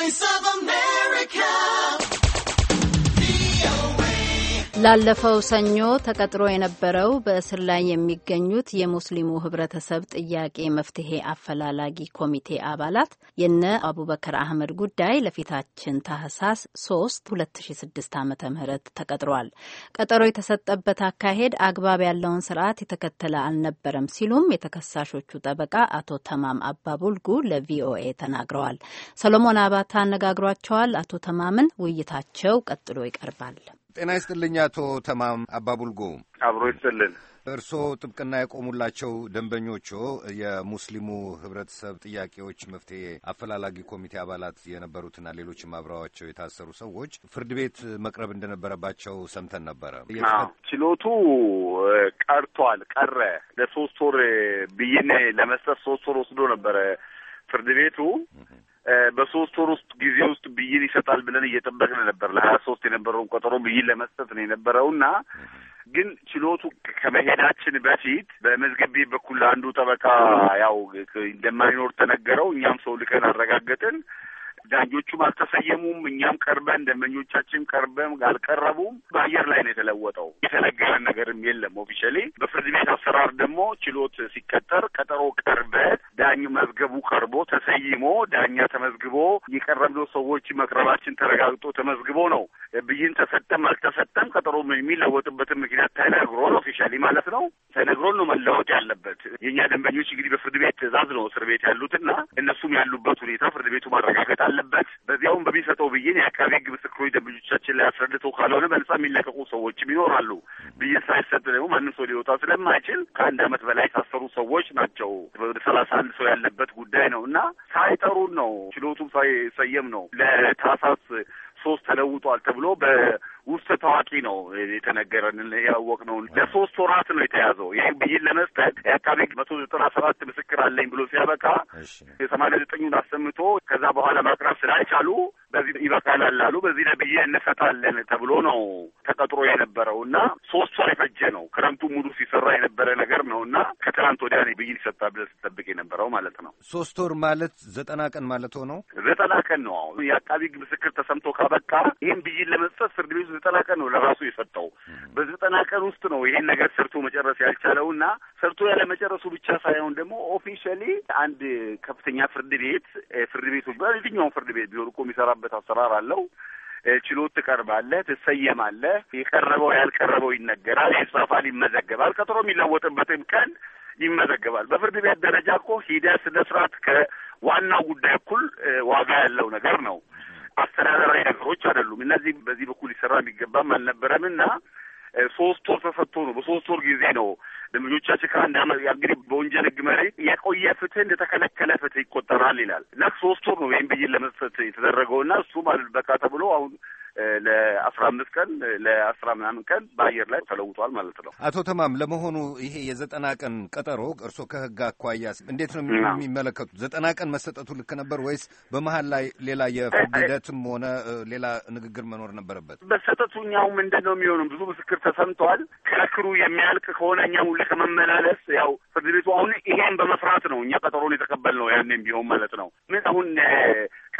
Voice of America. ላለፈው ሰኞ ተቀጥሮ የነበረው በእስር ላይ የሚገኙት የሙስሊሙ ህብረተሰብ ጥያቄ መፍትሄ አፈላላጊ ኮሚቴ አባላት የነ አቡበከር አህመድ ጉዳይ ለፊታችን ታህሳስ 3 2006 ዓ ም ተቀጥሯል። ቀጠሮ የተሰጠበት አካሄድ አግባብ ያለውን ስርዓት የተከተለ አልነበረም ሲሉም የተከሳሾቹ ጠበቃ አቶ ተማም አባቡልጉ ለቪኦኤ ተናግረዋል። ሰሎሞን አባታ አነጋግሯቸዋል። አቶ ተማምን ውይይታቸው ቀጥሎ ይቀርባል። ጤና ይስጥልኝ አቶ ተማም አባቡልጎ አብሮ ይስጥልን። እርስዎ ጥብቅና የቆሙላቸው ደንበኞቹ የሙስሊሙ ህብረተሰብ ጥያቄዎች መፍትሄ አፈላላጊ ኮሚቴ አባላት የነበሩትና ሌሎች አብረዋቸው የታሰሩ ሰዎች ፍርድ ቤት መቅረብ እንደነበረባቸው ሰምተን ነበረ። ችሎቱ ቀርቷል ቀረ ለሶስት ወር ብይን ለመስጠት ሶስት ወር ወስዶ ነበረ ፍርድ ቤቱ በሶስት ወር ውስጥ ጊዜ ውስጥ ይሰጣል ብለን እየጠበቅን ነበር። ለሀያ ሶስት የነበረውን ቀጠሮ ብይን ለመስጠት ነው የነበረውና ግን ችሎቱ ከመሄዳችን በፊት በመዝገብ ቤት በኩል አንዱ ጠበቃ ያው እንደማይኖር ተነገረው። እኛም ሰው ልከን አረጋገጥን። ዳኞቹም አልተሰየሙም። እኛም ቀርበን ደንበኞቻችን ቀርበም አልቀረቡም። በአየር ላይ ነው የተለወጠው። የተነገረ ነገርም የለም ኦፊሻሊ። በፍርድ ቤት አሰራር ደግሞ ችሎት ሲቀጠር ቀጠሮ ቀርበ ዳኝ መዝገቡ ቀርቦ ተሰይሞ ዳኛ ተመዝግቦ የቀረብነው ሰዎች መቅረባችን ተረጋግጦ ተመዝግቦ ነው ብይን ተሰጠም አልተሰጠም ቀጠሮ የሚለወጥበትን ምክንያት ተነግሮን ኦፊሻሊ ማለት ነው ተነግሮን ነው መለወጥ ያለበት። የእኛ ደንበኞች እንግዲህ በፍርድ ቤት ትዕዛዝ ነው እስር ቤት ያሉትና እነሱም ያሉበት ሁኔታ ፍርድ ቤቱ ማረጋገጥ አለ አለበት። በዚያውም በሚሰጠው ብይን የአካባቢ ህግ ምስክሮች ደንበኞቻችን ላይ አስረድተው ካልሆነ በነጻ የሚለቀቁ ሰዎችም ይኖራሉ። ብይን ሳይሰጥ ደግሞ ማንም ሰው ሊወጣ ስለማይችል ከአንድ አመት በላይ የታሰሩ ሰዎች ናቸው። ወደ ሰላሳ አንድ ሰው ያለበት ጉዳይ ነው እና ሳይጠሩን ነው ችሎቱም ሳይሰየም ነው ለታህሳስ ሶስት ተለውጧል ተብሎ በ ውስጥ ታዋቂ ነው የተነገረን ነው። ለሶስት ወራት ነው የተያዘው። ይህ ብይን ለመስጠት የአካባቢ መቶ ዘጠና ሰባት ምስክር አለኝ ብሎ ሲያበቃ የሰማንያ ዘጠኙን አሰምቶ ከዛ በኋላ ማቅረብ ስላልቻሉ በዚህ ይበቃላል አሉ። በዚህ ነብዬ እንፈታለን ተብሎ ነው ተቀጥሮ የነበረው እና ሶስት ወር የፈጀ ነው። ክረምቱ ሙሉ ሲሰራ የነበረ ነገር ነው እና ከትናንት ወዲያ ብይን ይሰጣል ብለህ ስጠብቅ የነበረው ማለት ነው። ሶስት ወር ማለት ዘጠና ቀን ማለት ሆነው ዘጠና ቀን ነው። አሁን የአቃቢ ሕግ ምስክር ተሰምቶ ካበቃ ይህን ብይን ለመስጠት ፍርድ ቤቱ ዘጠና ቀን ነው ለራሱ የሰጠው። በዘጠና ቀን ውስጥ ነው ይህን ነገር ሰርቶ መጨረስ ያልቻለው እና ሰርቶ ያለመጨረሱ ብቻ ሳይሆን ደግሞ ኦፊሻሊ አንድ ከፍተኛ ፍርድ ቤት ፍርድ ቤቱ በየትኛውም ፍርድ ቤት ቢሆን እኮ የሚሰራ የሚሰራበት አሰራር አለው። ችሎት ትቀርባለህ፣ ትሰየማለህ። የቀረበው ያልቀረበው ይነገራል፣ ይጻፋል፣ ይመዘገባል። ቀጠሮ የሚለወጥበትም ቀን ይመዘገባል። በፍርድ ቤት ደረጃ እኮ ሂደት ስነ ስርዓት ከዋናው ጉዳይ እኩል ዋጋ ያለው ነገር ነው። አስተዳደራዊ ነገሮች አይደሉም። እነዚህ በዚህ በኩል ሊሰራ የሚገባም አልነበረም እና ሶስት ወር ተሰጥቶ ነው በሶስት ወር ጊዜ ነው ልጆቻችን ከአንድ አመት እንግዲህ በወንጀል ህግ መሪ የቆየ ፍትህ እንደተከለከለ ፍትህ ይቆጠራል ይላል እና ሶስት ወር ነው ይህም ብይን ለመስጠት የተደረገው እና እሱም አልበቃ ተብሎ አሁን ለአስራ አምስት ቀን ለአስራ ምናምን ቀን በአየር ላይ ተለውጧል ማለት ነው። አቶ ተማም ለመሆኑ ይሄ የዘጠና ቀን ቀጠሮ እርስዎ ከህግ አኳያ እንዴት ነው የሚመለከቱት? ዘጠና ቀን መሰጠቱ ልክ ነበር ወይስ በመሀል ላይ ሌላ የፍርድ ሂደትም ሆነ ሌላ ንግግር መኖር ነበረበት? መሰጠቱ እኛው ምንድን ነው የሚሆኑም ብዙ ምስክር ተሰምተዋል። ክርክሩ የሚያልቅ ከሆነ እኛ ሁሉ ከመመላለስ ያው ፍርድ ቤቱ አሁን ይሄን በመፍራት ነው እኛ ቀጠሮን የተቀበልነው ያኔም ቢሆን ማለት ነው ምን አሁን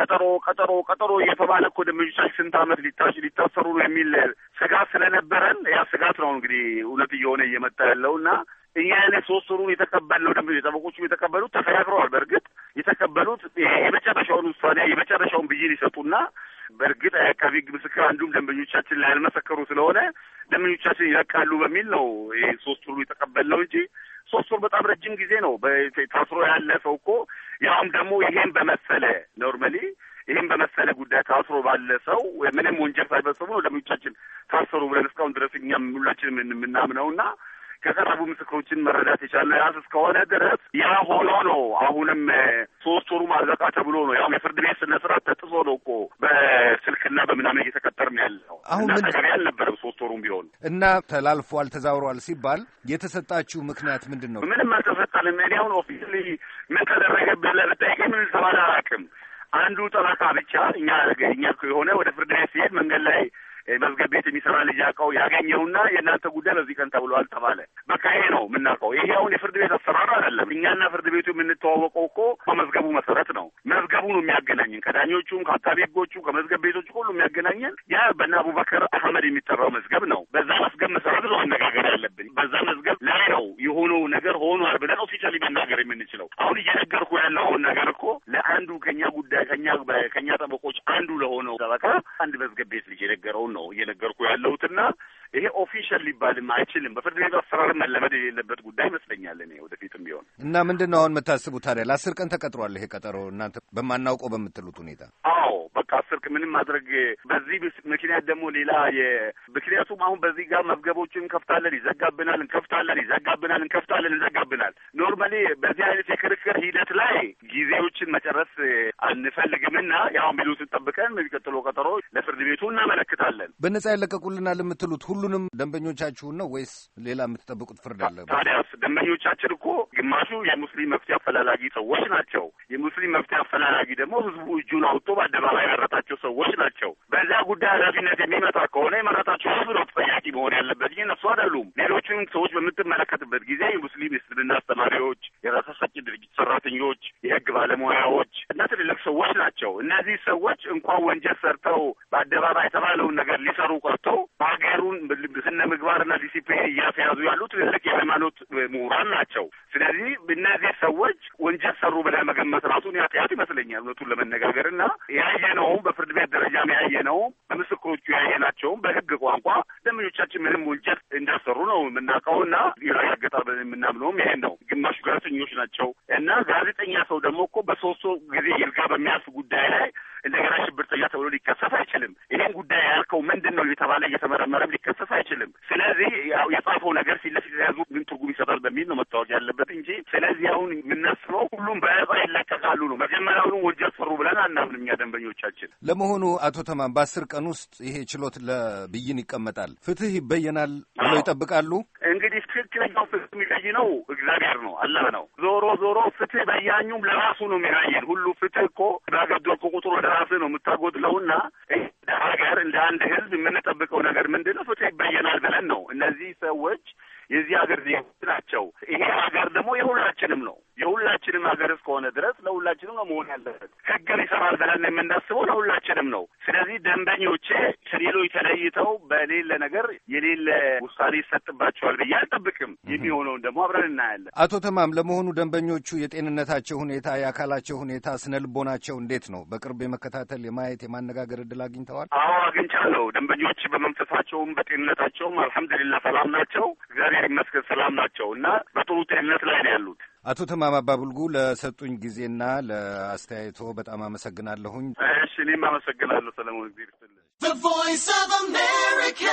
ቀጠሮ ቀጠሮ ቀጠሮ እየተባለ እኮ ደንበኞቻችን ስንት ዓመት ሊታሰሩ ነው የሚል ስጋት ስለነበረን ያ ስጋት ነው እንግዲህ እውነት እየሆነ እየመጣ ያለው እና እኛ ያኔ ሶስት ወሩን የተቀበልነው ደንበኞች ጠበቆቹም የተቀበሉት ተከራክረዋል። በእርግጥ የተቀበሉት የመጨረሻውን ውሳኔ የመጨረሻውን ብይን ይሰጡና በእርግጥ የአቃቤ ሕግ ምስክር አንዱም ደንበኞቻችን ላይ ያልመሰከሩ ስለሆነ ደንበኞቻችን ይለቃሉ በሚል ነው ይህ ሶስት ወሩ የተቀበልነው እንጂ ሶስት ወር በጣም ረጅም ጊዜ ነው። ታስሮ ያለ ሰው እኮ ያውም ደግሞ ይሄን በመሰለ ኖርማሊ ይህም በመሰለ ጉዳይ ታስሮ ባለ ሰው ምንም ወንጀል ሳይፈጽሙ ነው ለምቻችን ታሰሩ ብለን እስካሁን ድረስ እኛም ሁላችንም የምናምነውና ከቀረቡ ምስክሮችን መረዳት የቻለ ያዝ እስከሆነ ድረስ ያ ሆኖ ነው። አሁንም ሶስት ወሩ ማልበቃ ተብሎ ነው ያው የፍርድ ቤት ስነ ስርዓት ተጥሶ ነው እኮ በስልክና በምናምን እየተቀጠር ነው ያለው። አሁን ምን ገቢ አልነበረም ሶስት ወሩም ቢሆን እና ተላልፎ አልተዛውሯል ሲባል የተሰጣችሁ ምክንያት ምንድን ነው? ምንም አልተሰጣልም። እኔ አሁን ኦፊሻሊ ምን ተደረገብህ ብጠይቅ ምን ሰባል አላውቅም። አንዱ ጠበቃ ብቻ እኛ እኛ የሆነ ወደ ፍርድ ቤት ሲሄድ መንገድ ላይ መዝገብ ቤት የሚሰራ ልጅ ያውቀው ያገኘውና የእናንተ ጉዳይ በዚህ ቀን ተብሏል ተባለ። በቃ ይሄ ነው የምናውቀው። ይሄ አሁን የፍርድ ቤት አሰራር አይደለም። እኛና ፍርድ ቤቱ የምንተዋወቀው እኮ በመዝገቡ መሰረት ነው። መዝገቡ ነው የሚያገናኝን ከዳኞቹም፣ ከአቃቤ ሕጎቹም፣ ከመዝገብ ቤቶች ሁሉ የሚያገናኘን ያ በእነ አቡበከር አህመድ የሚጠራው መዝገብ ነው። በዛ መዝገብ መሰረት ነው አነጋገር ያለብን። በዛ መዝገብ ላይ ነው የሆነው ነገር ሆኗል ብለን ኦፊሻሊ መናገር የምንችለው። አሁን እየነገርኩ ያለውን ነገር እኮ ለአንዱ ከኛ ጉዳይ ከኛ ከኛ ጠበቆች አንዱ ለሆነው ጠበቃ አንድ መዝገብ ቤት ልጅ የነገረውን ነው እየነገርኩ ያለሁትና ይሄ ኦፊሻል ሊባልም አይችልም። በፍርድ ቤቱ አሰራር መለመድ የሌለበት ጉዳይ ይመስለኛል። እኔ ወደፊትም ቢሆን እና ምንድን ነው አሁን የምታስቡ ታዲያ? ለአስር ቀን ተቀጥሯል ይሄ ቀጠሮ እናንተ በማናውቀው በምትሉት ሁኔታ። አዎ በቃ አስር ቀን ምንም ማድረግ በዚህ ምክንያት ደግሞ ሌላ ምክንያቱም አሁን በዚህ ጋር መዝገቦችን እንከፍታለን፣ ይዘጋብናል፣ እንከፍታለን፣ ይዘጋብናል፣ እንከፍታለን፣ ይዘጋብናል። ኖርማሊ በዚህ አይነት የክርክር ሂደት ላይ ጊዜዎችን መጨረስ አንፈልግምና ያው ሚሉትን ጠብቀን የሚቀጥለው ቀጠሮ ለፍርድ ቤቱ እናመለክታለን። በነጻ ይለቀቁልናል የምትሉት ሁሉንም ደንበኞቻችሁን ነው ወይስ ሌላ የምትጠብቁት ፍርድ አለ? ታዲያስ ደንበኞቻችን እኮ ግማሹ የሙስሊም መፍትሄ አፈላላጊ ሰዎች ናቸው። የሙስሊም መፍትሄ አፈላላጊ ደግሞ ህዝቡ እጁን አውጥቶ በአደባባይ የመረጣቸው ሰዎች ናቸው። በዛ ጉዳይ ኃላፊነት የሚመጣ ከሆነ የመረጣቸው ህዝብ ነው ተጠያቂ መሆን ያለበት እንጂ እነሱ አይደሉም። ሌሎችን ሰዎች በምትመለከትበት ጊዜ የሙስሊም እስልምና አስተማሪዎች፣ የራስ አሳቂ ድርጅት ሰራተኞች፣ የህግ ባለሙያዎች እና ትልልቅ ሰዎች ናቸው። እነዚህ ሰዎች እንኳን ወንጀል ሰርተው በአደባባይ የተባለውን ነገር ሊሰሩ ቀርቶ በሀገሩን ስነ ምግባርና ዲሲፕሊን እያስያዙ ያሉት ትልልቅ የሃይማኖት ምሁራን ናቸው። ስለዚህ እነዚህ ሰዎች ወንጀል ሰሩ ብለህ መገመት ራሱን ያጥያት ይመስለኛል እውነቱን ለመነጋገር እና ያየነውም በፍርድ ቤት ደረጃም ያየነውም በምስክሮቹ ያየናቸውም በህግ ቋንቋ ደንበኞቻችን ምንም ወንጀል እንዳሰሩ ነው የምናውቀው እና ይረጋገጣል ብለን የምናምነውም ይሄን ነው። ግማሹ ጋዜጠኞች ናቸው እና ጋዜጠኛ ሰው ደግሞ እኮ በሶስት ጊዜ ይርጋ በሚያልፍ ጉዳይ ላይ እንደገና አልተጠላ ተብሎ ሊከሰስ አይችልም። ይሄን ጉዳይ ያልከው ምንድን ነው የተባለ እየተመረመረም ሊከሰስ አይችልም። ስለዚህ ያው የጻፈው ነገር ፊት ለፊት ምን ትርጉም ይሰጣል በሚል ነው መታወቅ ያለበት እንጂ ስለዚህ አሁን የምናስበው ሁሉም በነጻ ይለቀቃሉ ነው። መጀመሪያውኑ ወንጀል ሰሩ ብለን አናምንም እኛ ደንበኞቻችን። ለመሆኑ አቶ ተማም በአስር ቀን ውስጥ ይሄ ችሎት ለብይን ይቀመጣል፣ ፍትህ ይበየናል ብለው ይጠብቃሉ? እንግዲህ የሚበይ ነው እግዚአብሔር ነው አላህ ነው። ዞሮ ዞሮ ፍትህ በያኙም ለራሱ ነው የሚበይን። ሁሉ ፍትህ እኮ ባገዶኩ ቁጥር ወደ ራስህ ነው የምታጎድለውና እንደ ሀገር እንደ አንድ ህዝብ የምንጠብቀው ነገር ምንድን ነው? ፍትህ ይበየናል ብለን ነው። እነዚህ ሰዎች የዚህ ሀገር ዜጎች ናቸው። ይሄ ሀገር ደግሞ የሁላችንም ነው። የሁላችንም ሀገር እስከሆነ ድረስ ለሁላችንም ነው መሆን ያለበት። ህግን ይሰራል ብለን የምናስበው ለሁላችንም ነው። ስለዚህ ደንበኞቼ ከሌሎች ተለይተው በሌለ ነገር የሌለ ውሳኔ ይሰጥባቸዋል ብዬ አልጠብቅም። የሚሆነውን ደግሞ አብረን እናያለን። አቶ ተማም፣ ለመሆኑ ደንበኞቹ የጤንነታቸው ሁኔታ፣ የአካላቸው ሁኔታ፣ ስነ ልቦናቸው እንዴት ነው? በቅርብ የመከታተል የማየት፣ የማነጋገር እድል አግኝተዋል? አዎ አግኝቻለሁ። ደንበኞች በመንፈሳቸውም በጤንነታቸውም አልሐምዱሊላ ሰላም ናቸው። እግዚአብሔር ይመስገን ሰላም ናቸው እና በጥሩ ጤንነት ላይ ነው ያሉት። አቶ ተማም አባቡልጉ ለሰጡኝ ጊዜና ለአስተያየቶ በጣም አመሰግናለሁኝ። እሺ፣ እኔም አመሰግናለሁ ሰለሞን። ጊዜ ቮይስ ኦፍ አሜሪካ